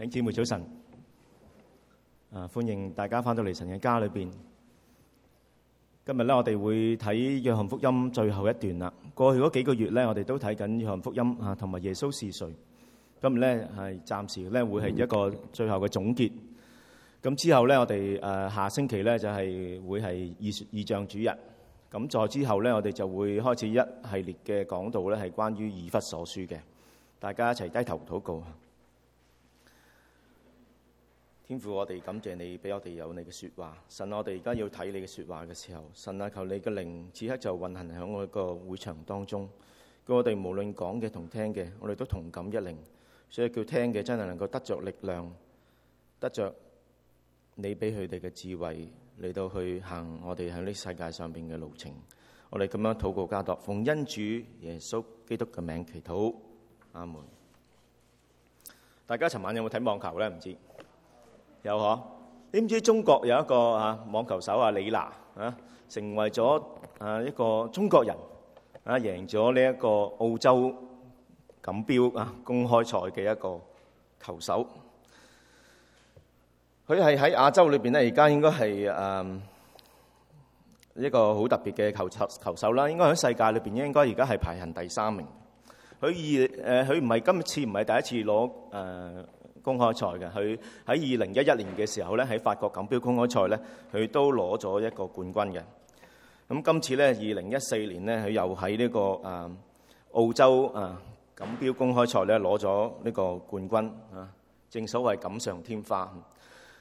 弟兄姊妹早晨，啊，歡迎大家翻到嚟神嘅家裏邊。今日咧我哋會睇約翰福音最後一段啦。過去嗰幾個月咧，我哋都睇緊約翰福音啊，同埋耶穌是誰。今日咧係暫時咧會係一個最後嘅總結。咁之後咧，我哋誒、啊、下星期咧就係、是、會係意異象主日。咁再之後咧，我哋就會開始一系列嘅講道咧係關於以弗所書嘅。大家一齊低頭禱告。天父，我哋感謝你俾我哋有你嘅説話。神，我哋而家要睇你嘅説話嘅時候，神啊，求你嘅靈此刻就運行喺我個會場當中，叫我哋無論講嘅同聽嘅，我哋都同感一靈，所以叫聽嘅真係能夠得着力量，得着你俾佢哋嘅智慧嚟到去行我哋喺呢世界上邊嘅路程。我哋咁樣禱告加多，奉恩主耶穌基督嘅名祈禱，阿門。大家尋晚有冇睇網球呢？唔知。有嗬？你唔知中國有一個啊網球手啊李娜啊，成為咗啊一個中國人啊贏咗呢一個澳洲錦標啊公開賽嘅一個球手。佢係喺亞洲裏邊咧，而家應該係誒一個好特別嘅球球手啦。應該喺世界裏邊應該而家係排行第三名。佢二誒佢唔係今次唔係第一次攞誒。呃公開賽嘅佢喺二零一一年嘅時候咧，喺法國錦標公開賽咧，佢都攞咗一個冠軍嘅。咁今次咧，二零一四年咧，佢又喺呢個啊澳洲啊錦標公開賽咧，攞咗呢個冠軍啊。正所謂錦上添花。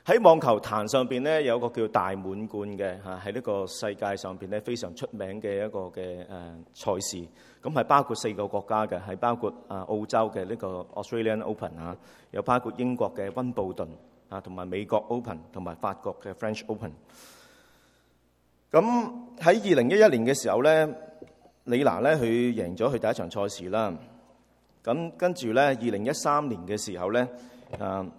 喺網球壇上邊咧，有個叫大滿貫嘅嚇，喺呢個世界上邊咧，非常出名嘅一個嘅誒賽事。咁係包括四個國家嘅，係包括啊澳洲嘅呢個 Australian Open 嚇，又包括英國嘅温布頓啊，同埋美國 Open 同埋法國嘅 French Open。咁喺二零一一年嘅時候咧，李娜咧佢贏咗佢第一場賽事啦。咁跟住咧，二零一三年嘅時候咧，誒。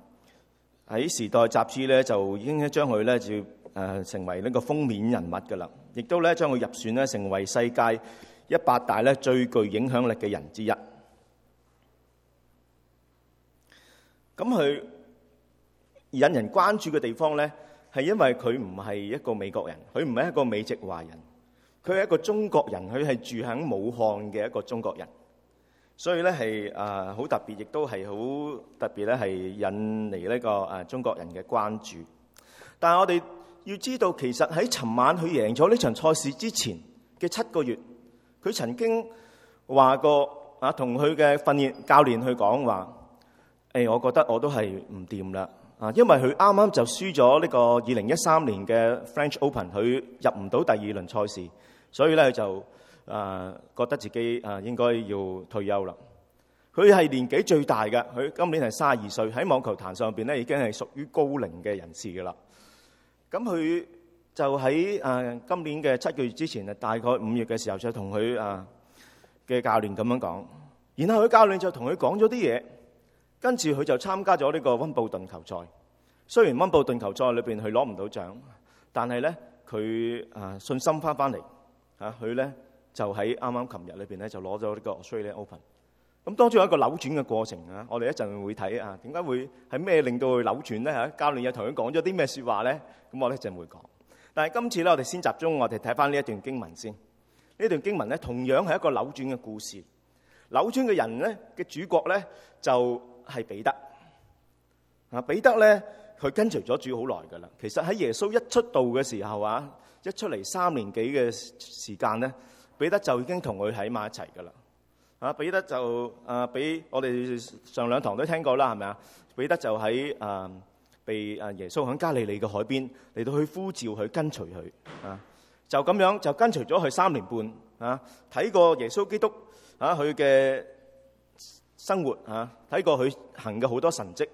喺時代雜誌咧，就已經將佢咧就誒成為呢個封面人物㗎啦，亦都咧將佢入選咧成為世界一百大咧最具影響力嘅人之一。咁佢引人關注嘅地方咧，係因為佢唔係一個美國人，佢唔係一個美籍華人，佢係一個中國人，佢係住喺武漢嘅一個中國人。所以咧係啊好特別，亦都係好特別咧，係引嚟呢個啊中國人嘅關注。但係我哋要知道，其實喺尋晚佢贏咗呢場賽事之前嘅七個月，佢曾經話過啊，同佢嘅訓練教練去講話：誒、哎，我覺得我都係唔掂啦啊，因為佢啱啱就輸咗呢個二零一三年嘅 French Open，佢入唔到第二輪賽事，所以咧佢就。啊，覺得自己啊應該要退休啦。佢係年紀最大嘅，佢今年係三十二歲，喺網球壇上邊咧已經係屬於高齡嘅人士噶啦。咁佢就喺啊今年嘅七個月之前啊，大概五月嘅時候就跟他的，就同佢啊嘅教練咁樣講。然後佢教練就同佢講咗啲嘢，跟住佢就參加咗呢個温布頓球賽。雖然温布頓球賽裏邊佢攞唔到獎，但係咧佢啊信心翻翻嚟嚇，佢、啊、咧。他就喺啱啱琴日裏邊咧，就攞咗呢個 Australian Open。咁當中有一個扭轉嘅過程啊，我哋一陣會睇啊。點解會係咩令到佢扭轉咧？啊，教練又同佢講咗啲咩說話咧？咁我咧一陣會講。但係今次咧，我哋先集中我哋睇翻呢一段經文先。呢段經文咧，同樣係一個扭轉嘅故事。扭轉嘅人咧嘅主角咧就係彼得啊。彼得咧，佢跟隨咗主好耐噶啦。其實喺耶穌一出道嘅時候啊，一出嚟三年幾嘅時間咧。彼得就已經同佢喺埋一齊㗎喇，啊！彼得就啊，俾我哋上兩堂都聽過啦，係咪啊？彼得就喺啊，被啊耶穌喺加利利嘅海邊嚟到去呼召佢跟隨佢啊，就咁樣就跟隨咗佢三年半啊，睇過耶穌基督啊，佢嘅生活啊，睇過佢行嘅好多神蹟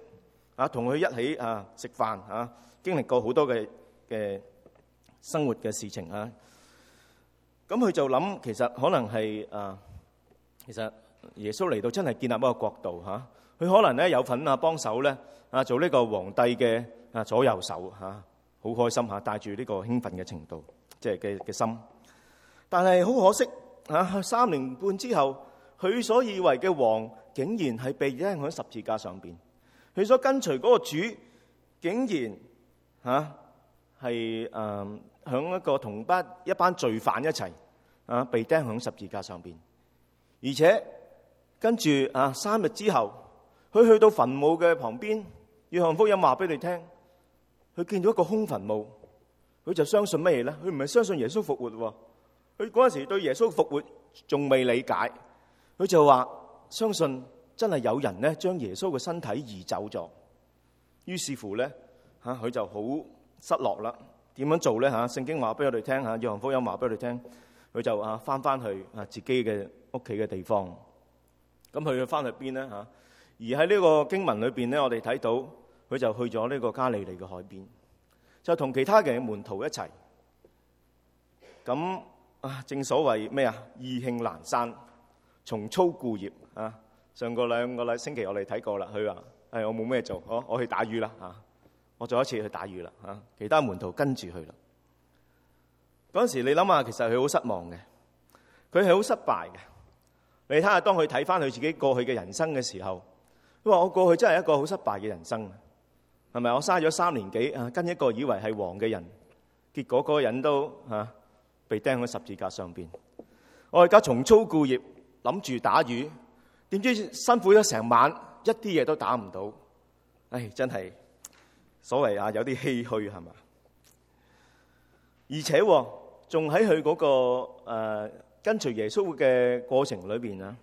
啊，同佢一起啊食飯啊，經歷過好多嘅嘅生活嘅事情啊。咁佢就諗，其實可能係、啊、其實耶穌嚟到真係建立一個國度吓，佢、啊、可能咧有份幫啊幫手咧啊做呢個皇帝嘅啊左右手吓，好、啊、開心吓、啊，帶住呢個興奮嘅程度，即係嘅嘅心。但係好可惜、啊、三年半之後，佢所以為嘅王，竟然係被扔喺十字架上邊。佢所跟隨嗰個主，竟然吓係誒。啊響一個同班一班罪犯一齊啊，被釘喺十字架上邊，而且跟住啊三日之後，佢去到墳墓嘅旁邊，約翰福音話俾你聽，佢見到一個空墳墓，佢就相信乜嘢咧？佢唔係相信耶穌復活的，佢嗰時對耶穌復活仲未理解，佢就話相信真係有人咧將耶穌嘅身體移走咗，於是乎咧吓佢就好失落啦。點樣做咧嚇？聖經話俾我哋聽嚇，約翰福音話俾我哋聽，佢就啊翻翻去啊自己嘅屋企嘅地方。咁佢去翻去邊咧嚇？而喺呢個經文裏邊咧，我哋睇到佢就去咗呢個加利利嘅海邊，就同其他嘅門徒一齊。咁啊，正所謂咩啊？意興闌珊，重操故業啊！上個兩個禮星期我哋睇過啦，佢話：，誒、哎，我冇咩做，我我去打魚啦嚇。我再一次去打魚啦，吓，其他門徒跟住去啦。嗰時你諗下，其實佢好失望嘅，佢係好失敗嘅。你睇下，當佢睇翻佢自己過去嘅人生嘅時候，佢話我過去真係一個好失敗嘅人生，係咪？我嘥咗三年幾啊，跟一個以為係王嘅人，結果嗰個人都吓、啊、被釘喺十字架上邊。我而家重操故業，諗住打魚，點知辛苦咗成晚，一啲嘢都打唔到，唉、哎，真係。所謂啊，有啲唏噓係嘛，而且仲喺佢嗰個、呃、跟隨耶穌嘅過程裏邊啊，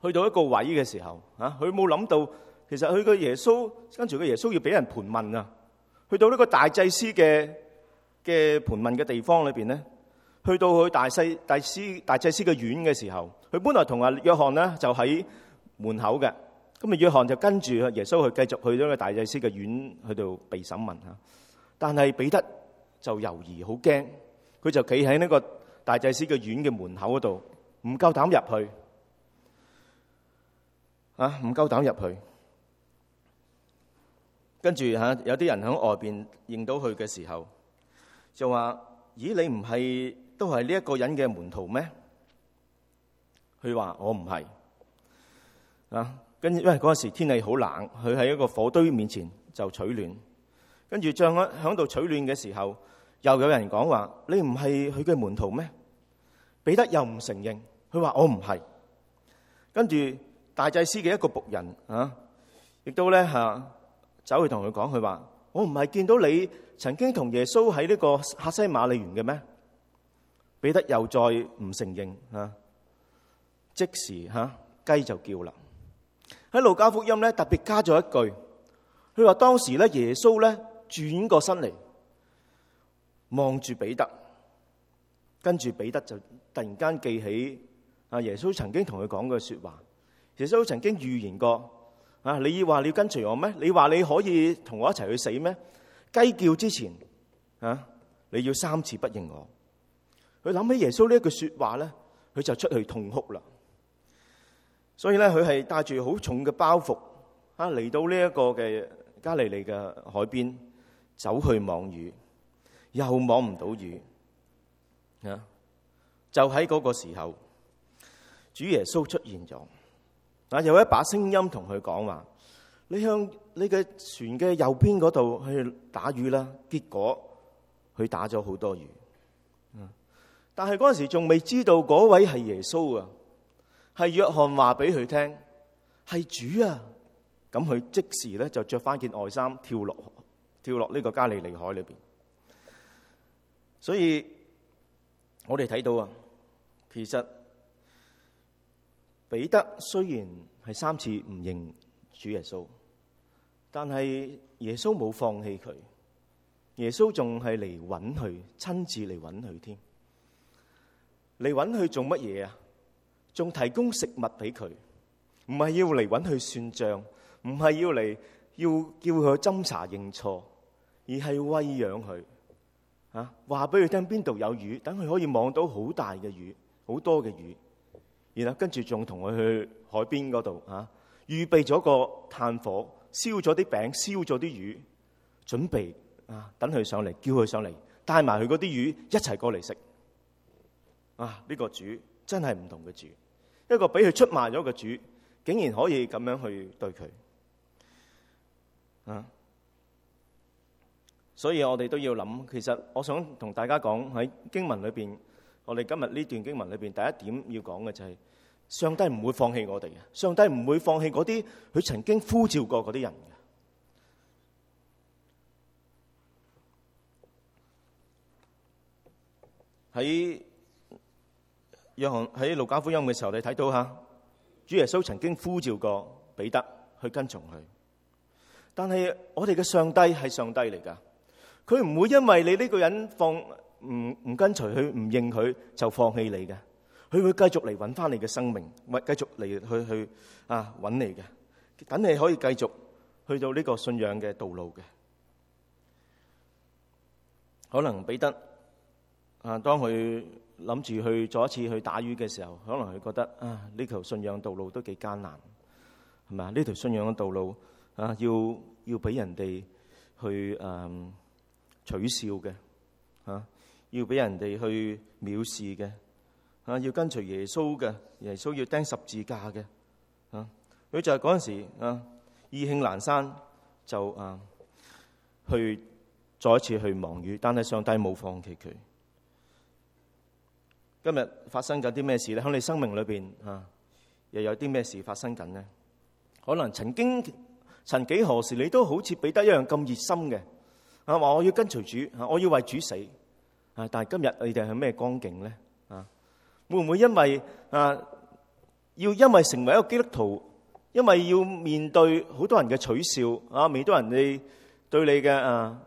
去到一個位嘅時候啊，佢冇諗到其實佢個耶穌跟隨個耶穌要俾人盤問啊，去到呢個大祭司嘅嘅盤問嘅地方裏邊咧，去到佢大細大司大祭司嘅院嘅時候，佢本來同阿約翰呢，就喺門口嘅。咁啊，約翰就跟住耶穌去繼續去咗個大祭司嘅院去度被審問吓，但係彼得就猶豫，好驚，佢就企喺呢個大祭司嘅院嘅門口嗰度，唔夠膽入去，啊，唔夠膽入去。跟住吓，有啲人喺外邊認到佢嘅時候，就話：咦，你唔係都係呢一個人嘅門徒咩？佢話：我唔係，啊。跟住，因為嗰陣時天氣好冷，佢喺一個火堆面前就取暖。跟住將我喺度取暖嘅時候，又有人講話：你唔係佢嘅門徒咩？彼得又唔承認，佢話我唔係。跟住大祭司嘅一個僕人啊，亦都咧嚇、啊、走去同佢講，佢話我唔係見到你曾經同耶穌喺呢個客西馬尼園嘅咩？彼得又再唔承認啊！即時嚇、啊、雞就叫啦。喺路加福音咧，特別加咗一句，佢話當時咧耶穌咧轉過身嚟望住彼得，跟住彼得就突然間記起耶穌曾經同佢講嘅說話，耶穌曾經預言過啊，你話你要跟隨我咩？你話你可以同我一齊去死咩？雞叫之前啊，你要三次不認我。佢諗起耶穌呢一句說話咧，佢就出去痛哭啦。所以咧，佢係帶住好重嘅包袱，嚟到呢一個嘅加利利嘅海邊，走去望魚。又望唔到魚，就喺嗰個時候，主耶穌出現咗，啊，有一把聲音同佢講話：你向你嘅船嘅右邊嗰度去打魚啦。結果佢打咗好多魚，嗯，但係嗰陣時仲未知道嗰位係耶穌啊。係約翰話俾佢聽，係主啊！咁佢即時咧就着翻件外衫，跳落跳落呢個加利利海裏邊。所以我哋睇到啊，其實彼得雖然係三次唔認主耶穌，但係耶穌冇放棄佢，耶穌仲係嚟揾佢，親自嚟揾佢添。嚟揾佢做乜嘢啊？仲提供食物俾佢，唔係要嚟揾佢算賬，唔係要嚟要叫佢斟茶認錯，而係餵養佢。嚇、啊，話俾佢聽邊度有魚，等佢可以望到好大嘅魚，好多嘅魚。然後跟住仲同佢去海邊嗰度嚇，預備咗個炭火，燒咗啲餅，燒咗啲魚，準備啊，等佢上嚟，叫佢上嚟，帶埋佢嗰啲魚一齊過嚟食。啊，呢、啊這個主真係唔同嘅主。一個俾佢出賣咗嘅主，竟然可以咁樣去對佢啊！所以我哋都要諗，其實我想同大家講喺經文裏邊，我哋今日呢段經文裏邊，第一點要講嘅就係，上帝唔會放棄我哋嘅，上帝唔會放棄嗰啲佢曾經呼召過嗰啲人嘅喺。約翰喺路加福音嘅時候，你睇到吓，主耶穌曾經呼召過彼得去跟從佢。但係我哋嘅上帝係上帝嚟噶，佢唔會因為你呢個人放唔唔跟隨佢，唔認佢就放棄你嘅，佢會繼續嚟揾翻你嘅生命，或繼續嚟去去啊揾你嘅，等你可以繼續去到呢個信仰嘅道路嘅。可能彼得啊，當佢。諗住去再一次去打魚嘅時候，可能佢覺得啊，呢條信仰道路都幾艱難，係咪啊？呢條信仰嘅道路啊，要要俾人哋去誒、嗯、取笑嘅，吓、啊，要俾人哋去藐視嘅，吓、啊，要跟隨耶穌嘅，耶穌要釘十字架嘅，吓、啊，佢就係嗰陣時啊意興闌珊，山就啊去再一次去網魚，但係上帝冇放棄佢。今日發生咗啲咩事咧？喺你生命裏邊啊，又有啲咩事發生緊呢？可能曾經曾幾何時，你都好似彼得一樣咁熱心嘅啊！話我要跟隨主，我要為主死啊！但係今日你哋係咩光景呢？啊，會唔會因為啊，要因為成為一個基督徒，因為要面對好多人嘅取笑啊，面對人哋對你嘅啊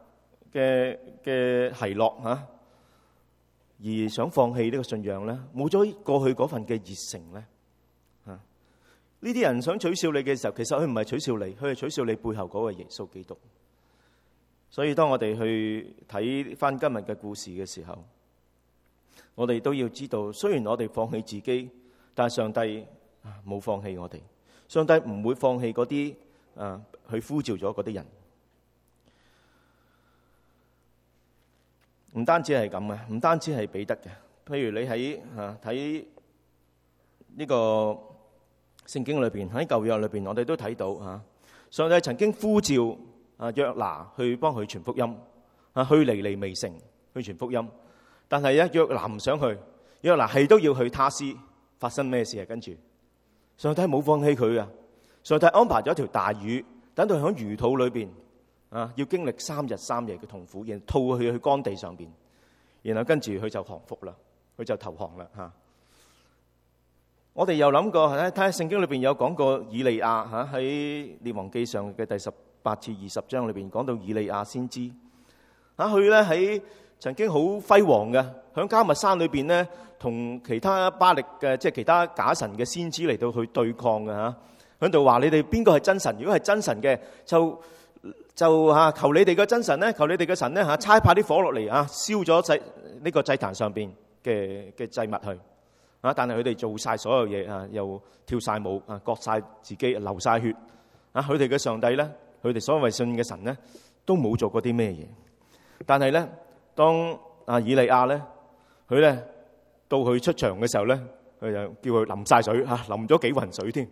嘅嘅奚落啊，而想放棄呢個信仰咧，冇咗過去嗰份嘅熱誠咧，嚇呢啲人想取笑你嘅時候，其實佢唔係取笑你，佢係取笑你背後嗰個耶穌基督。所以當我哋去睇翻今日嘅故事嘅時候，我哋都要知道，雖然我哋放棄自己，但上帝冇放棄我哋，上帝唔會放棄啲、啊、去呼召咗啲人。唔單止係咁嘅，唔單止係彼得嘅。譬如你喺嚇睇呢個聖經裏邊，喺舊約裏邊，我哋都睇到嚇上帝曾經呼召啊約拿去幫佢傳福音啊，去離離未成去傳福音，但係一、啊、約拿唔想去，約拿係都要去他斯，發生咩事啊？跟住上帝冇放棄佢嘅，上帝安排咗條大魚，等到喺魚肚裏邊。啊！要經歷三日三夜嘅痛苦，然後吐佢去乾地上邊，然後跟住佢就降服啦，佢就投降啦。嚇！我哋又諗過咧，睇下聖經裏邊有講過以利亞嚇喺列王記上嘅第十八至二十章裏邊講到以利亞先知嚇。佢咧喺曾經好輝煌嘅，響迦密山裏邊咧，同其他巴力嘅即係其他假神嘅先知嚟到去對抗嘅嚇。喺度話你哋邊個係真神？如果係真神嘅就。就嚇求你哋嘅真神咧，求你哋嘅神咧嚇，差派啲火落嚟啊，燒咗祭呢個祭壇上邊嘅嘅祭物去啊！但係佢哋做晒所有嘢啊，又跳晒舞啊，割晒自己，流晒血啊！佢哋嘅上帝咧，佢哋所謂信嘅神咧，都冇做過啲咩嘢。但係咧，當阿以利亞咧，佢咧到佢出場嘅時候咧，佢就叫佢淋晒水嚇、啊，淋咗幾勻水添，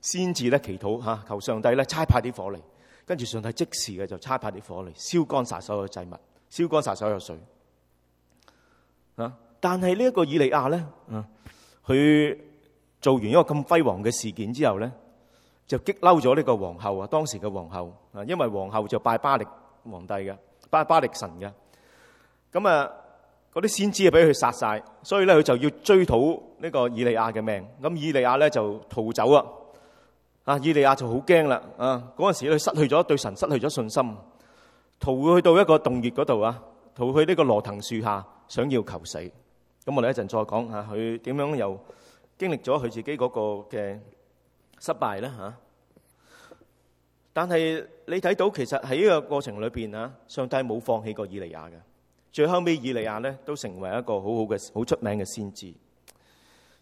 先至咧祈禱嚇、啊，求上帝咧差派啲火嚟。跟住上帝即時嘅就差派啲火嚟燒乾晒所有嘅祭物，燒乾晒所有水。但係呢一個以利亞咧，佢、嗯、做完一個咁輝煌嘅事件之後咧，就激嬲咗呢個皇后啊！當時嘅皇后啊，因為皇后就拜巴力皇帝嘅，拜巴力神嘅。咁啊，嗰啲先知俾佢殺晒，所以咧佢就要追討呢個以利亞嘅命。咁以利亞咧就逃走啊！啊，以利亞就好驚啦！啊，嗰陣時佢失去咗對神失去咗信心，逃去到一個洞穴嗰度啊，逃去呢個羅藤樹下，想要求死。咁我哋一陣再講下，佢點樣又經歷咗佢自己嗰個嘅失敗咧吓。但係你睇到其實喺呢個過程裏邊啊，上帝冇放棄過以利亞嘅。最後尾以利亞咧都成為一個好好嘅好出名嘅先知。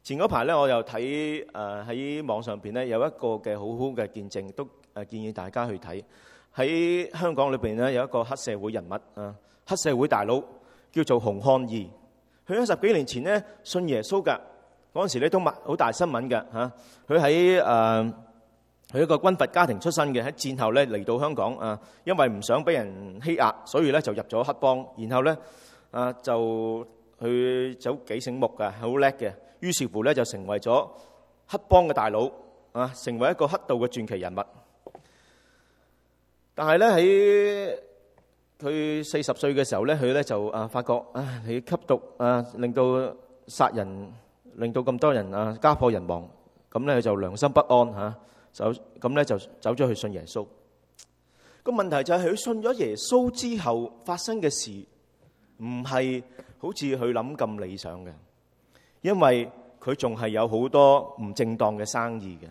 前嗰排咧，我又睇誒喺網上邊咧有一個嘅好好嘅見證，都誒建議大家去睇。喺香港裏邊呢，有一個黑社會人物啊，黑社會大佬叫做洪漢義。佢喺十幾年前呢，信耶穌㗎，嗰陣時咧都麥好大新聞嘅嚇。佢喺誒佢一個軍閥家庭出身嘅，喺戰後咧嚟到香港啊，因為唔想俾人欺壓，所以咧就入咗黑幫，然後咧啊、呃、就。佢走幾醒目㗎，係好叻嘅。於是乎咧，就成為咗黑幫嘅大佬啊，成為一個黑道嘅傳奇人物。但係咧，喺佢四十歲嘅時候咧，佢咧就啊發覺啊，你吸毒啊，令到殺人，令到咁多人啊家破人亡。咁咧，佢就良心不安嚇，走咁咧就走咗去信耶穌。個問題就係佢信咗耶穌之後發生嘅事，唔係。好似佢諗咁理想嘅，因為佢仲係有好多唔正當嘅生意嘅，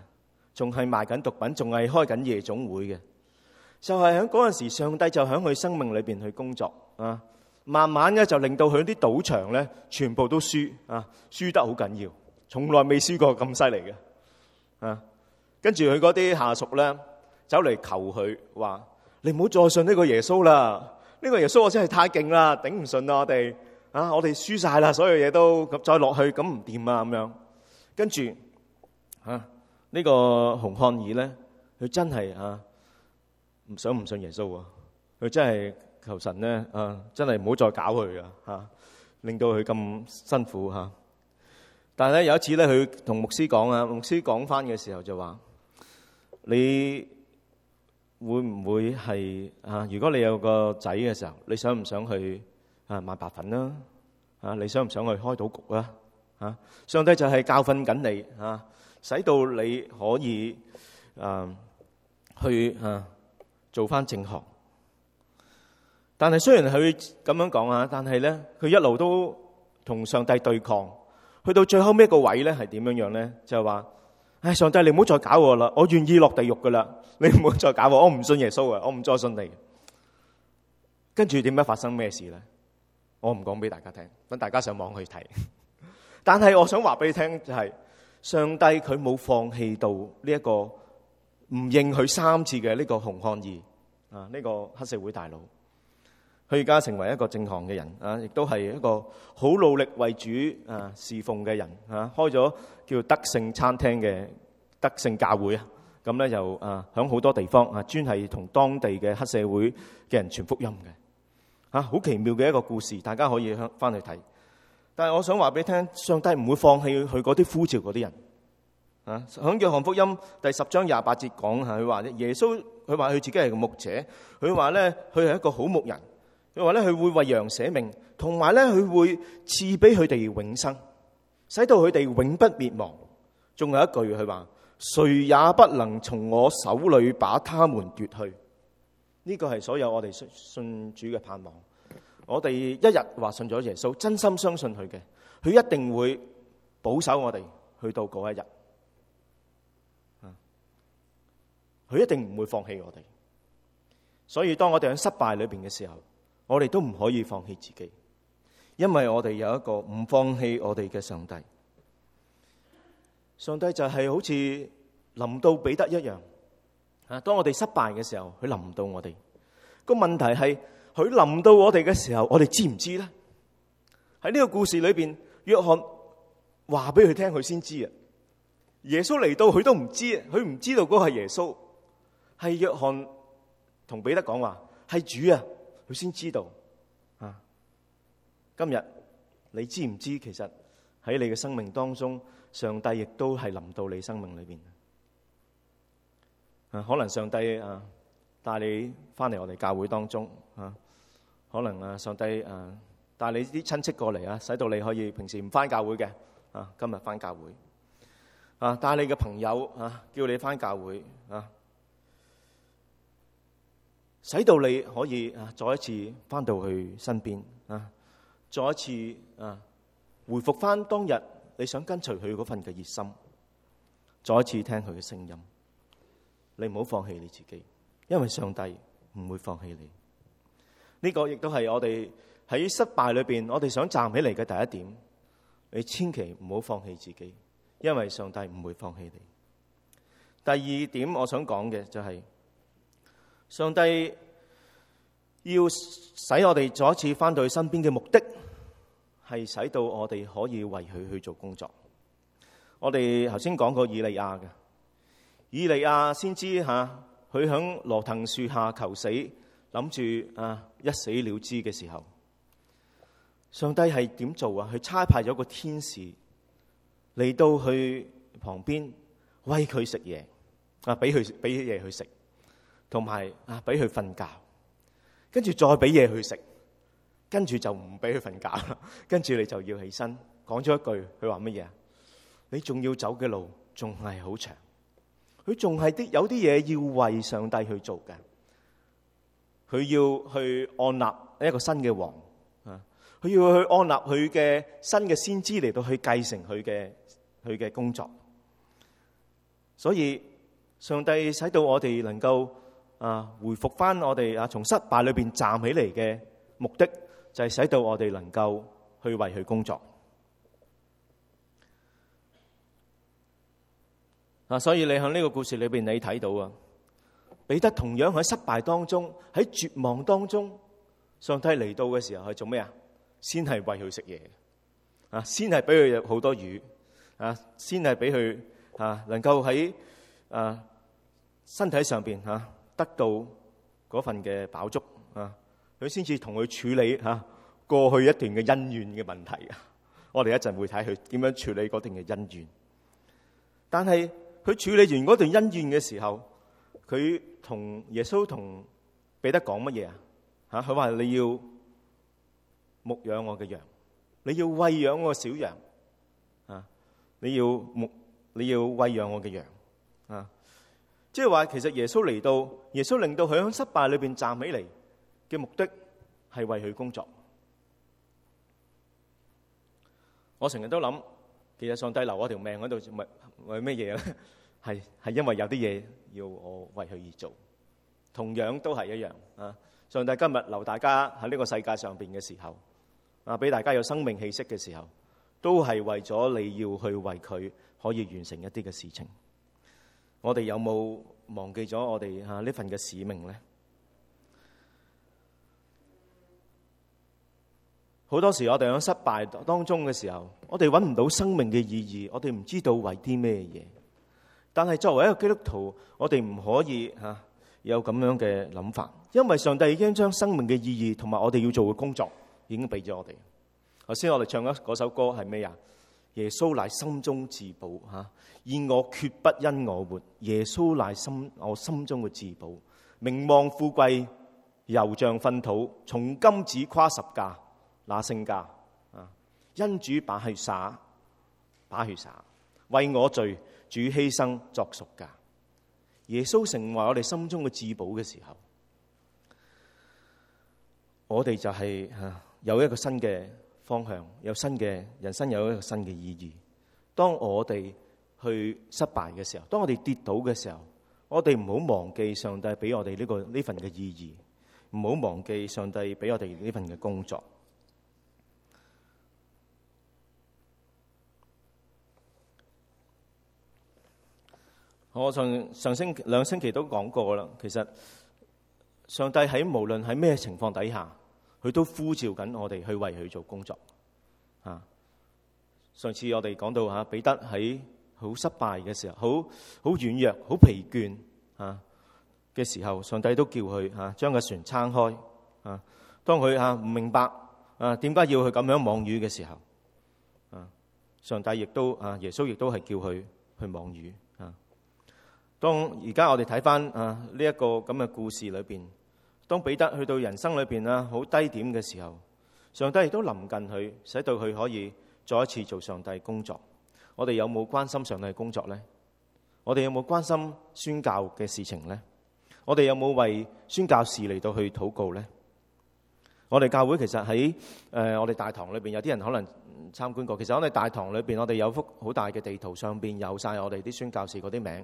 仲係賣緊毒品，仲係開緊夜總會嘅。就係喺嗰陣時，上帝就喺佢生命裏邊去工作啊，慢慢嘅就令到佢啲賭場咧全部都輸啊，輸得好緊要，從來未輸過咁犀利嘅啊。跟住佢嗰啲下屬咧走嚟求佢話：「你唔好再信呢個耶穌啦，呢個耶穌我真係太勁啦，頂唔順啦，我哋。啊！我哋輸晒啦，所有嘢都咁再落去，咁唔掂啊！咁樣跟住啊，這個、漢呢個熊漢爾咧，佢真係啊，唔想唔信耶穌喎、啊。佢真係求神咧啊，真係唔好再搞佢啊！嚇，令到佢咁辛苦嚇、啊。但係咧有一次咧，佢同牧師講啊，牧師講返嘅時候就話：你會唔會係啊？如果你有個仔嘅時候，你想唔想去？啊，買白粉啦！啊，你想唔想去開賭局啊？啊，上帝就係教訓緊你啊，使到你可以啊去啊做翻正行。但係雖然佢咁樣講啊，但係咧，佢一路都同上帝對抗，去到最後咩個位咧，係點樣樣咧？就係、是、話，唉、哎，上帝你唔好再搞我啦，我願意落地獄噶啦，你唔好再搞我，我唔信耶穌啊，我唔再信你。跟住點解發生咩事咧？我唔講俾大家聽，等大家上網去睇。但係我想話俾你聽、就是，就係上帝佢冇放棄到呢、這、一個唔認佢三次嘅呢個洪漢義啊，呢、這個黑社會大佬，佢而家成為一個正行嘅人啊，亦都係一個好努力為主啊侍奉嘅人啊，開咗叫德勝餐廳嘅德勝教會啊，咁、嗯、咧就啊響好多地方啊，專係同當地嘅黑社會嘅人傳福音嘅。啊，好奇妙嘅一個故事，大家可以返翻去睇。但係我想話俾你聽，上帝唔會放棄佢嗰啲呼召嗰啲人。啊，喺約翰福音第十章廿八節講下佢，話耶穌佢話佢自己係個牧者，佢話呢，佢係一個好牧人，佢話呢，佢會為羊捨命，同埋呢，佢會賜俾佢哋永生，使到佢哋永不滅亡。仲有一句佢話，誰也不能從我手裏把他們奪去。呢個係所有我哋信信主嘅盼望。我哋一日話信咗耶穌，真心相信佢嘅，佢一定會保守我哋去到嗰一日。佢一定唔會放棄我哋。所以當我哋喺失敗裏邊嘅時候，我哋都唔可以放棄自己，因為我哋有一個唔放棄我哋嘅上帝。上帝就係好似臨到彼得一樣。啊！當我哋失敗嘅時候，佢臨唔到我哋。個問題係佢臨到我哋嘅時候，我哋知唔知咧？喺呢個故事裏邊，約翰話俾佢聽，佢先知啊。耶穌嚟到，佢都唔知，佢唔知道嗰係耶穌，係約翰同彼得講話係主啊，佢先知道。啊！今日你知唔知？其實喺你嘅生命當中，上帝亦都係臨到你的生命裏邊。啊，可能上帝啊帶你翻嚟我哋教會當中啊，可能啊上帝啊帶你啲親戚過嚟啊，使到你可以平時唔翻教會嘅啊，今日翻教會啊，帶你嘅朋友啊叫你翻教會啊，使到你可以啊再一次翻到去身邊啊，再一次啊回復翻當日你想跟隨佢份嘅熱心，再一次聽佢嘅聲音。你唔好放棄你自己，因為上帝唔會放棄你。呢個亦都係我哋喺失敗裏邊，我哋想站起嚟嘅第一點。你千祈唔好放棄自己，因為上帝唔會放棄你。第二點我想講嘅就係，上帝要使我哋再一次翻到佢身邊嘅目的，係使到我哋可以為佢去做工作。我哋頭先講過以利亞嘅。以利亞先知吓，佢響羅藤樹下求死，諗住啊一死了之嘅時候，上帝係點做啊？佢差派咗個天使嚟到佢旁邊餵佢食嘢啊，俾佢俾嘢佢食，同埋啊俾佢瞓覺，跟住再俾嘢佢食，跟住就唔俾佢瞓覺，啦。跟住你就要起身，講咗一句，佢話乜嘢？啊？你仲要走嘅路仲係好長。佢仲係啲有啲嘢要為上帝去做嘅，佢要去按立一個新嘅王，啊，佢要去按立佢嘅新嘅先知嚟到去繼承佢嘅佢嘅工作，所以上帝使到我哋能夠啊恢復翻我哋啊從失敗裏邊站起嚟嘅目的，就係使到我哋能夠去為佢工作。嗱，所以你喺呢個故事裏邊，你睇到啊，彼得同樣喺失敗當中，喺絕望當中，上帝嚟到嘅時候係做咩啊？先係餵佢食嘢，啊，先係俾佢入好多魚，啊，先係俾佢啊，能夠喺啊身體上邊吓得到嗰份嘅飽足，啊，佢先至同佢處理吓過去一段嘅恩怨嘅問題啊。我哋一陣會睇佢點樣處理嗰段嘅恩怨，但係。佢處理完嗰段恩怨嘅時候，佢同耶穌同彼得講乜嘢啊？吓佢話，你要牧養我嘅羊，你要餵養我小羊啊！你要牧，你要餵養我嘅羊啊！即係話，其實耶穌嚟到，耶穌令到佢喺失敗裏邊站起嚟嘅目的係為佢工作。我成日都諗。其實上帝留我條命喺度，為為咩嘢咧？係係因為有啲嘢要我為佢而做，同樣都係一樣啊！上帝今日留大家喺呢個世界上邊嘅時候，啊，俾大家有生命氣息嘅時候，都係為咗你要去為佢可以完成一啲嘅事情。我哋有冇忘記咗我哋吓呢份嘅使命咧？好多時，我哋喺失敗當中嘅時候，我哋揾唔到生命嘅意義，我哋唔知道為啲咩嘢。但係作為一個基督徒，我哋唔可以嚇、啊、有咁樣嘅諗法，因為上帝已經將生命嘅意義同埋我哋要做嘅工作已經俾咗我哋。頭先我哋唱緊嗰首歌係咩啊？耶穌乃心中至寶，嚇、啊，以我決不因我活。耶穌乃心我心中嘅至寶，名望富貴猶像糞土，從今只跨十架。那聖架啊，因主把血灑，把血灑，為我罪，主犧牲作贖價。耶穌成為我哋心中嘅至寶嘅時候，我哋就係啊有一個新嘅方向，有新嘅人生，有一個新嘅意義。當我哋去失敗嘅時候，當我哋跌倒嘅時候，我哋唔好忘記上帝俾我哋呢個呢份嘅意義，唔好忘記上帝俾我哋呢份嘅工作。我上上星兩星期都講過啦，其實上帝喺無論喺咩情況底下，佢都呼召緊我哋去為佢做工作啊。上次我哋講到吓彼得喺好失敗嘅時候，好好軟弱、好疲倦啊嘅時候，上帝都叫佢啊將個船撐開啊。當佢啊唔明白啊點解要去咁樣網魚嘅時候啊，上帝亦都啊耶穌亦都係叫佢去網魚。當而家我哋睇翻啊呢一個咁嘅故事裏面，當彼得去到人生裏面啦、啊，好低點嘅時候，上帝亦都臨近佢，使到佢可以再一次做上帝工作。我哋有冇關心上帝嘅工作呢？我哋有冇關心宣教嘅事情呢？我哋有冇為宣教士嚟到去禱告呢？我哋教會其實喺、呃、我哋大堂裏面，有啲人可能參觀過。其實我哋大堂裏面，我哋有幅好大嘅地圖，上面有晒我哋啲宣教士嗰啲名。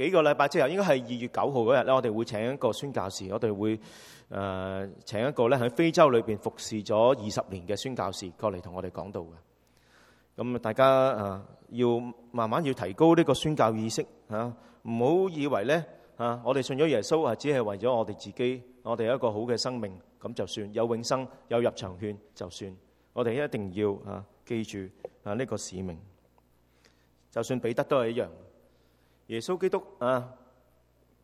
幾個禮拜之後，應該係二月九號嗰日咧，我哋會請一個宣教士，我哋會誒、呃、請一個咧喺非洲裏邊服侍咗二十年嘅宣教士過嚟同我哋講道嘅。咁大家、呃、要慢慢要提高呢個宣教意識吓，唔好以為啊呢，啊、我哋信咗耶穌啊，只係為咗我哋自己，我哋有一個好嘅生命咁就算，有永生有入場券就算，我哋一定要吓、啊、記住啊呢個使命，就算彼得都係一樣。耶穌基督啊，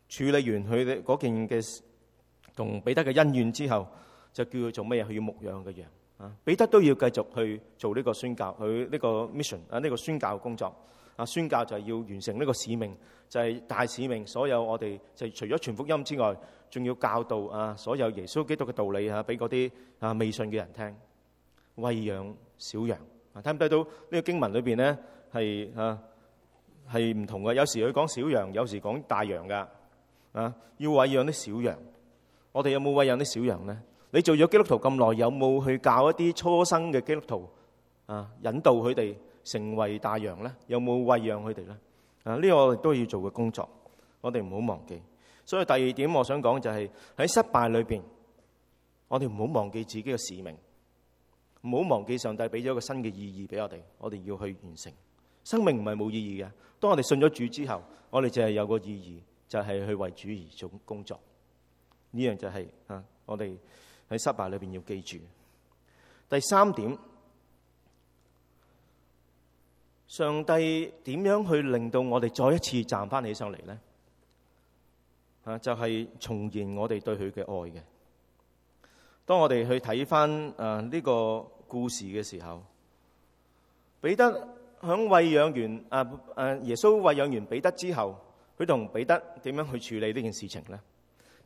處理完佢哋嗰件嘅同彼得嘅恩怨之後，就叫佢做咩嘢？佢要牧養嘅羊啊！彼得都要繼續去做呢個宣教，佢呢個 mission 啊，呢個宣教工作啊，宣教就係要完成呢個使命，就係大使命。所有我哋就除咗全福音之外，仲要教導啊，所有耶穌基督嘅道理啊，俾嗰啲啊未信嘅人聽，餵養小羊。睇唔睇到呢個經文裏邊呢係啊？係唔同嘅，有時佢講小羊，有時講大羊噶。啊，要餵養啲小羊，我哋有冇餵養啲小羊呢？你做咗基督徒咁耐，有冇去教一啲初生嘅基督徒啊？引導佢哋成為大羊呢？有冇餵養佢哋呢？啊，呢個我哋都要做嘅工作，我哋唔好忘記。所以第二點，我想講就係喺失敗裏邊，我哋唔好忘記自己嘅使命，唔好忘記上帝俾咗一個新嘅意義俾我哋，我哋要去完成。生命唔係冇意義嘅。當我哋信咗主之後，我哋淨係有個意義，就係、是、去為主而做工作。呢樣就係啊，我哋喺失敗裏邊要記住。第三點，上帝點樣去令到我哋再一次站翻起上嚟呢？啊，就係、是、重現我哋對佢嘅愛嘅。當我哋去睇翻啊呢個故事嘅時候，彼得。響餵養完啊誒，耶穌餵養完彼得之後，佢同彼得點樣去處理呢件事情咧？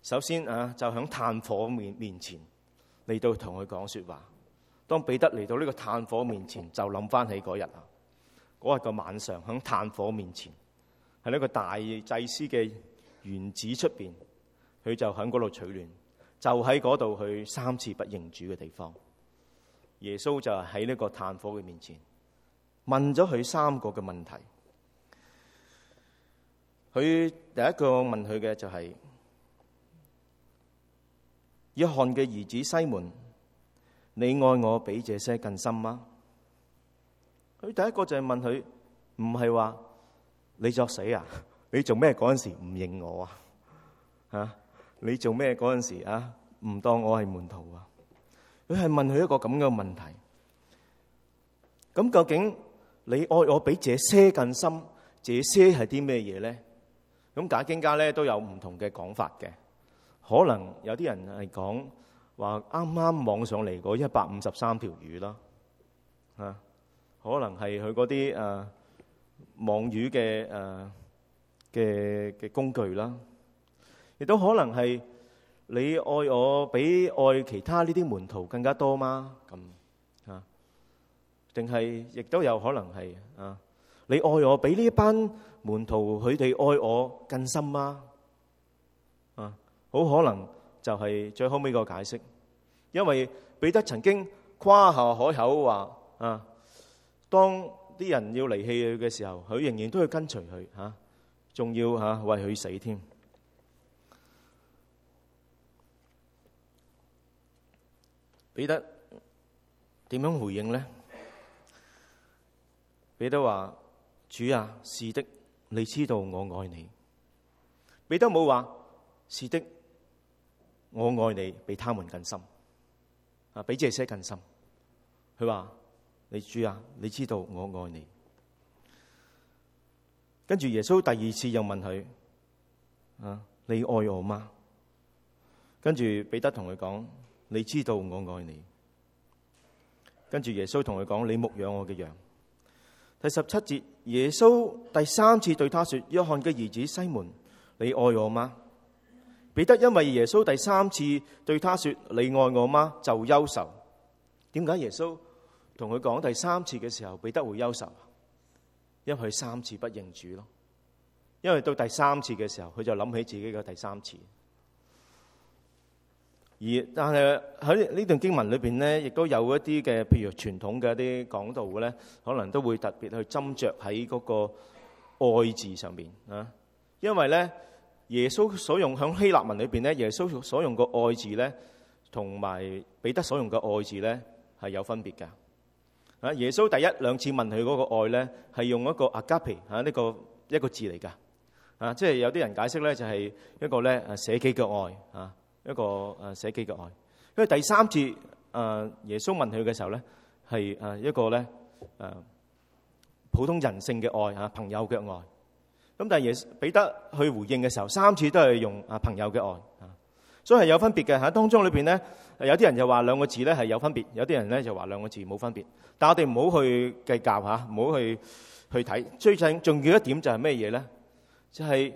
首先啊，就響炭火面面前嚟到同佢講說話。當彼得嚟到呢個炭火面前，就諗翻起嗰日啊，嗰日個晚上響炭火面前，喺呢個大祭司嘅院子出邊，佢就響度取暖，就喺度去三次不認主嘅地方。耶穌就喺呢個炭火嘅面前。問咗佢三個嘅問題，佢第一個問佢嘅就係、是、約翰嘅兒子西門，你愛我比這些更深嗎？佢第一個就係問佢，唔係話你作死啊？你做咩嗰陣時唔認我啊？吓，你做咩嗰陣時啊唔當我係門徒啊？佢係問佢一個咁嘅問題，咁究竟？你愛我比這些更深，這些係啲咩嘢咧？咁解經家咧都有唔同嘅講法嘅，可能有啲人係講話啱啱網上嚟嗰一百五十三條魚啦，嚇、啊，可能係佢嗰啲誒網魚嘅誒嘅嘅工具啦，亦、啊、都可能係你愛我比愛其他呢啲門徒更加多嘛，咁、啊。定係亦都有可能係啊！你愛我比呢班門徒佢哋愛我更深嗎？啊，好可能就係最後尾個解釋，因為彼得曾經誇下海口話啊，當啲人要離棄佢嘅時候，佢仍然都要跟隨佢吓，仲要吓為佢死添。彼得點樣回應呢？彼得話：主啊，是的，你知道我愛你。彼得冇話是的，我愛你比他們更深，啊，比這些更深。佢話：你主啊，你知道我愛你。跟住耶穌第二次又問佢：啊，你愛我嗎？跟住彼得同佢講：你知道我愛你。跟住耶穌同佢講：你牧養我嘅羊。第十七節，耶穌第三次對他說：約翰嘅兒子西門，你愛我嗎？彼得因為耶穌第三次對他說：你愛我嗎？就憂愁。點解耶穌同佢講第三次嘅時候，彼得會憂愁？因為佢三次不認主咯。因為到第三次嘅時候，佢就諗起自己嘅第三次。而但係喺呢段經文裏邊咧，亦都有一啲嘅，譬如傳統嘅啲講道嘅咧，可能都會特別去斟酌喺嗰個愛字上邊啊。因為咧，耶穌所用響希臘文裏邊咧，耶穌所用個愛字咧，同埋彼得所用嘅愛字咧，係有分別嘅啊。耶穌第一兩次問佢嗰個愛咧，係用一個阿加皮，啊呢個一個字嚟㗎啊。即係有啲人解釋咧，就係、是、一個咧啊捨己嘅愛啊。一個誒捨己嘅愛，因為第三次誒耶穌問佢嘅時候咧，係誒一個咧誒普通人性嘅愛嚇，朋友嘅愛。咁但係耶彼得去回應嘅時候，三次都係用啊朋友嘅愛啊，所以係有分別嘅嚇。當中裏邊咧，有啲人就話兩個字咧係有分別，有啲人咧就話兩個字冇分別。但係我哋唔好去計較嚇，唔好去去睇。最緊重要一點就係咩嘢咧？就係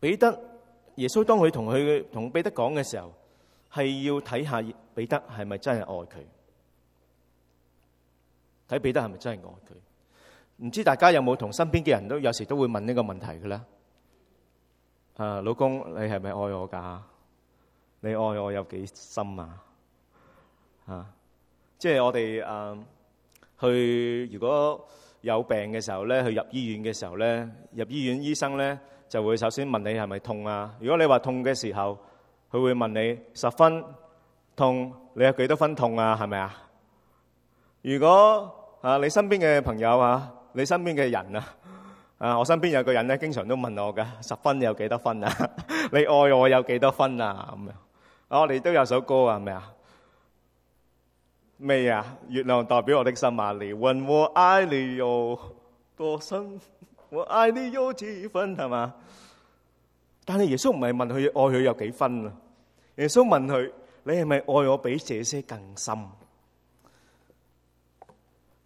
彼得。耶穌當佢同佢同彼得講嘅時候，係要睇下，彼得係咪真係愛佢，睇彼得係咪真係愛佢。唔知大家有冇同身邊嘅人都有時都會問呢個問題嘅咧？啊，老公你係咪愛我噶？你愛我有幾深啊？啊，即係我哋誒、啊、去，如果有病嘅時候咧，去入醫院嘅時候咧，入醫院醫生咧。就會首先問你係咪痛啊？如果你話痛嘅時候，佢會問你十分痛，你有幾多分痛啊？係咪啊？如果啊，你身邊嘅朋友啊，你身邊嘅人啊，啊，我身邊有個人咧，經常都問我嘅十分有幾多分啊？ 你愛我有幾多分啊？咁樣我哋都有首歌啊？係咪啊？咩啊？月亮代表我的心，你問我愛你有多深。 我愛你有幾分係嘛？但係耶穌唔係問佢愛佢有幾分啊！耶穌問佢：你係咪愛我比這些更深？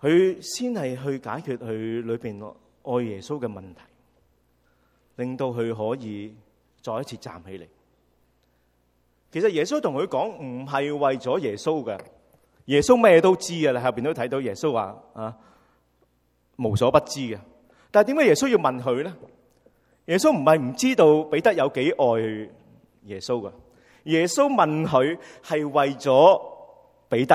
佢先係去解決佢裏邊愛耶穌嘅問題，令到佢可以再一次站起嚟。其實耶穌同佢講唔係為咗耶穌嘅，耶穌咩都知㗎啦，你後邊都睇到耶穌話啊，無所不知嘅。但係點解耶穌要問佢咧？耶穌唔係唔知道彼得有幾愛耶穌噶？耶穌問佢係為咗彼得，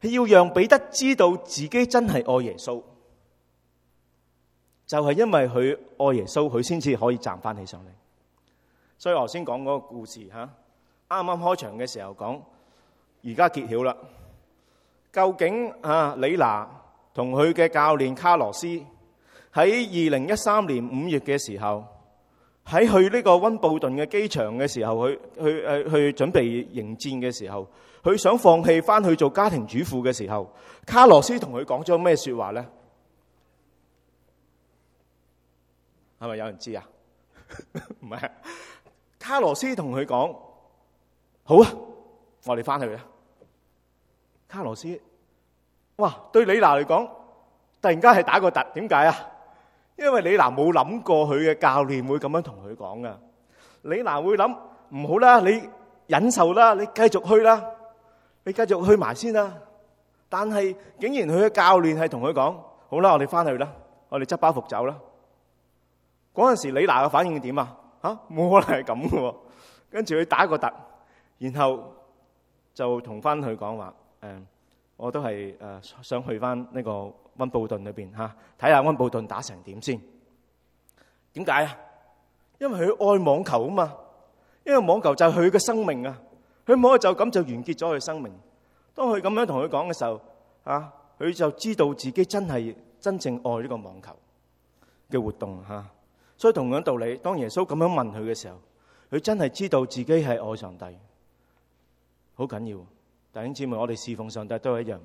係要讓彼得知道自己真係愛耶穌，就係因為佢愛耶穌，佢先至可以站翻起上嚟。所以我先講嗰個故事吓，啱啱開場嘅時候講，而家揭曉啦，究竟啊李娜同佢嘅教練卡羅斯？喺二零一三年五月嘅時候，喺去呢個溫布頓嘅機場嘅時候，佢佢誒去準備迎戰嘅時候，佢想放棄翻去做家庭主婦嘅時候，卡洛斯同佢講咗咩說話咧？係咪有人知啊？唔 係，啊，卡洛斯同佢講：好啊，我哋翻去啦。卡洛斯，哇！對李娜嚟講，突然間係打個突，點解啊？因為李娜冇諗過佢嘅教練會咁樣同佢講噶，李娜會諗唔好啦，你忍受啦，你繼續去啦，你繼續去埋先啦。但係竟然佢嘅教練係同佢講：好啦，我哋翻去啦，我哋執包袱走啦。嗰陣時李娜嘅反應點啊？嚇，冇可能係咁嘅。跟住佢打個突，然後就同翻佢講話：誒，我都係誒想去翻呢個。溫布頓裏邊吓，睇下溫布頓打成點先。點解啊？因為佢愛網球啊嘛，因為網球就係佢嘅生命啊，佢唔可以就咁就完結咗佢生命。當佢咁樣同佢講嘅時候，啊，佢就知道自己真係真正愛呢個網球嘅活動吓。所以同樣道理，當耶穌咁樣問佢嘅時候，佢真係知道自己係愛上帝。好緊要，弟兄姐妹，我哋侍奉上帝都係一樣。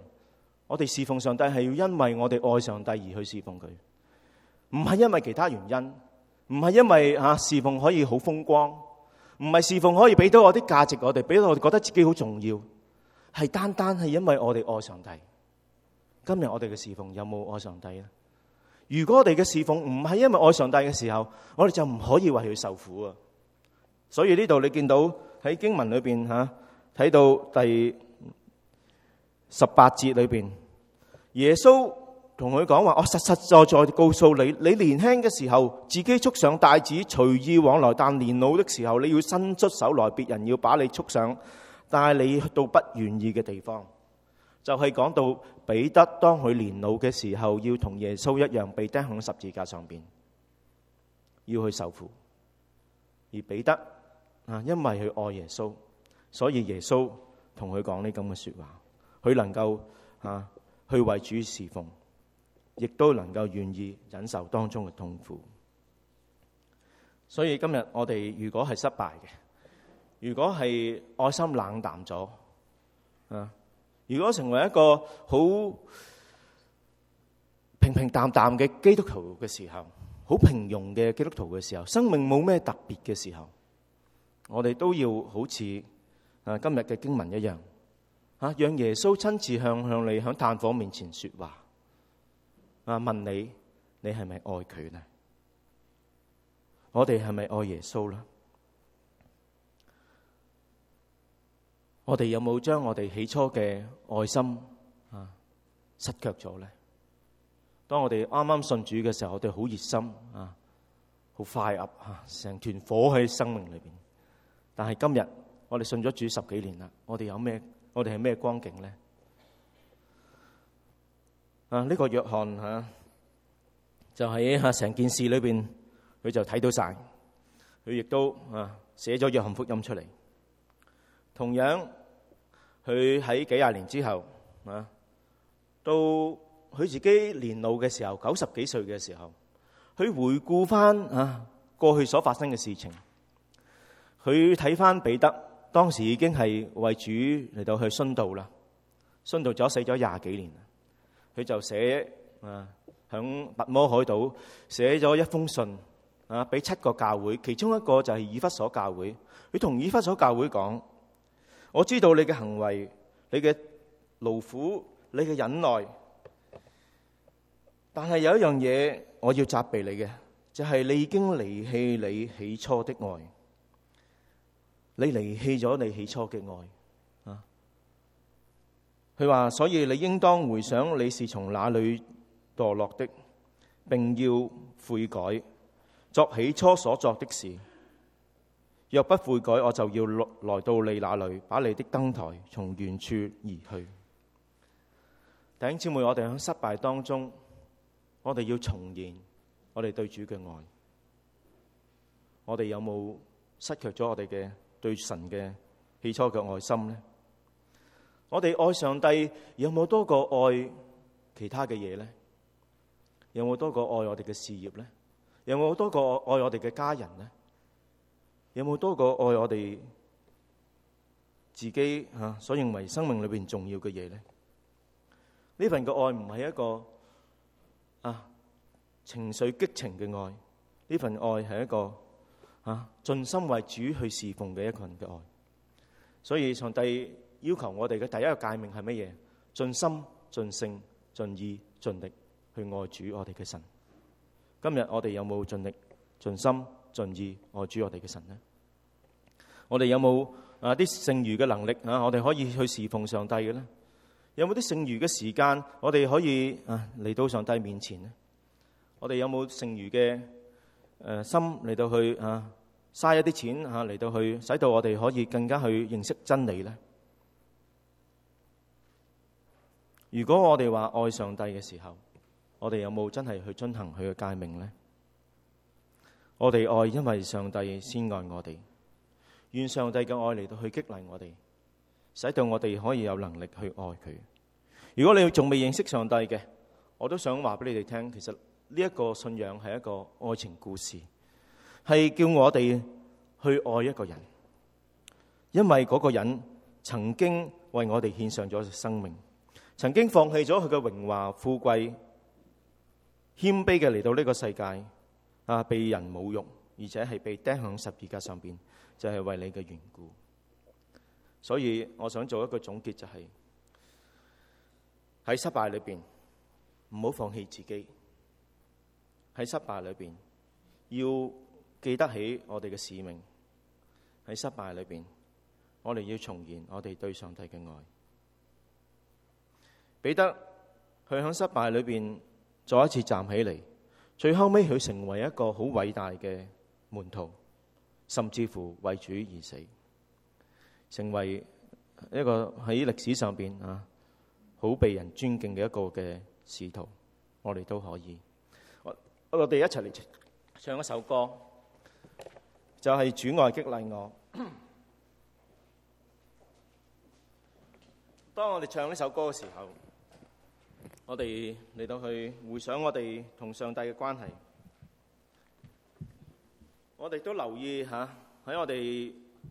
我哋侍奉上帝係要因為我哋愛上帝而去侍奉佢，唔係因為其他原因，唔係因為侍奉可以好風光，唔係侍奉可以俾到我啲價值我哋，俾到我哋覺得自己好重要，係單單係因為我哋愛上帝。今日我哋嘅侍奉有冇愛上帝？如果我哋嘅侍奉唔係因為愛上帝嘅時候，我哋就唔可以為佢受苦啊！所以呢度你見到喺經文裏邊吓睇到第。十八節裏邊，耶穌同佢講話：我實實在在告訴你，你年輕嘅時候自己束上帶子隨意往來，但年老的時候你要伸出手來，別人要把你束上帶你到不願意嘅地方。就係、是、講到彼得當佢年老嘅時候，要同耶穌一樣被釘喺十字架上邊，要去受苦。而彼得啊，因為佢愛耶穌，所以耶穌同佢講呢咁嘅說話。佢能夠啊去為主侍奉，亦都能夠願意忍受當中嘅痛苦。所以今日我哋如果係失敗嘅，如果係愛心冷淡咗啊，如果成為一個好平平淡淡嘅基督徒嘅時候，好平庸嘅基督徒嘅時候，生命冇咩特別嘅時候，我哋都要好似啊今日嘅經文一樣。啊！讓耶穌親自向向你喺炭火面前說話啊，問你，你係咪愛佢呢？我哋係咪愛耶穌啦？我哋有冇將我哋起初嘅愛心啊失卻咗呢？當我哋啱啱信主嘅時候，我哋好熱心啊，好快樂，成團火喺生命裏邊。但係今日我哋信咗主十幾年啦，我哋有咩？我哋係咩光景呢？啊，呢個約翰吓，就喺吓成件事裏邊，佢就睇到晒，佢亦都啊寫咗約翰福音出嚟。同樣，佢喺幾廿年之後啊，到佢自己年老嘅時候，九十幾歲嘅時候，佢回顧翻啊過去所發生嘅事情，佢睇翻彼得。當時已經係為主嚟到去殉道啦，殉道咗死咗廿幾年，佢就寫啊響拔摩海島寫咗一封信啊，俾七個教會，其中一個就係以弗所教會，佢同以弗所教會講：我知道你嘅行為、你嘅勞苦、你嘅忍耐，但係有一樣嘢我要責備你嘅，就係、是、你已經離棄你起初的愛。你離棄咗你起初嘅愛，啊！佢話，所以你應當回想你是從哪裏墮落的，並要悔改，作起初所做的事。若不悔改，我就要來來到你那裏，把你的燈臺從原處而去。弟兄姐妹，我哋喺失敗當中，我哋要重現我哋對主嘅愛。我哋有冇失卻咗我哋嘅？對神嘅起初嘅愛心呢？我哋愛上帝有冇多過愛其他嘅嘢呢？有冇多過愛我哋嘅事業呢？有冇多過愛我哋嘅家人呢？有冇多過愛我哋自己吓所認為生命裏邊重要嘅嘢呢？呢份嘅愛唔係一個啊情緒激情嘅愛，呢份愛係一個。啊！盡心為主去侍奉嘅一個人嘅愛，所以上帝要求我哋嘅第一個誡命係乜嘢？盡心、盡性、盡意、盡力去愛主我哋嘅神。今日我哋有冇盡力、盡心、盡意愛主我哋嘅神呢？我哋有冇啊啲剩餘嘅能力啊？我哋可以去侍奉上帝嘅呢？有冇啲剩餘嘅時間？我哋可以啊嚟到上帝面前呢？我哋有冇剩餘嘅？心嚟到去啊，嘥一啲錢嚇嚟到去，使到我哋可以更加去認識真理呢。如果我哋話愛上帝嘅時候，我哋有冇真係去進行遵行佢嘅誡命呢？我哋愛因為上帝先愛我哋，願上帝嘅愛嚟到去激勵我哋，使到我哋可以有能力去愛佢。如果你仲未認識上帝嘅，我都想話俾你哋聽，其實呢一個信仰係一個愛情故事，係叫我哋去愛一個人，因為嗰個人曾經為我哋獻上咗生命，曾經放棄咗佢嘅榮華富貴，謙卑嘅嚟到呢個世界，啊，被人侮辱，而且係被釘喺十字架上邊，就係、是、為你嘅緣故。所以我想做一個總結，就是，就係喺失敗裏邊唔好放棄自己。喺失敗裏邊，要記得起我哋嘅使命。喺失敗裏邊，我哋要重燃我哋對上帝嘅愛。彼得，佢喺失敗裏邊再一次站起嚟，最後尾佢成為一個好偉大嘅門徒，甚至乎為主而死，成為一個喺歷史上邊啊好被人尊敬嘅一個嘅使徒。我哋都可以。我哋一齊嚟唱一首歌，就係主愛激勵我。當我哋唱呢首歌嘅時候，我哋嚟到去回想我哋同上帝嘅關係。我哋都留意嚇喺我哋。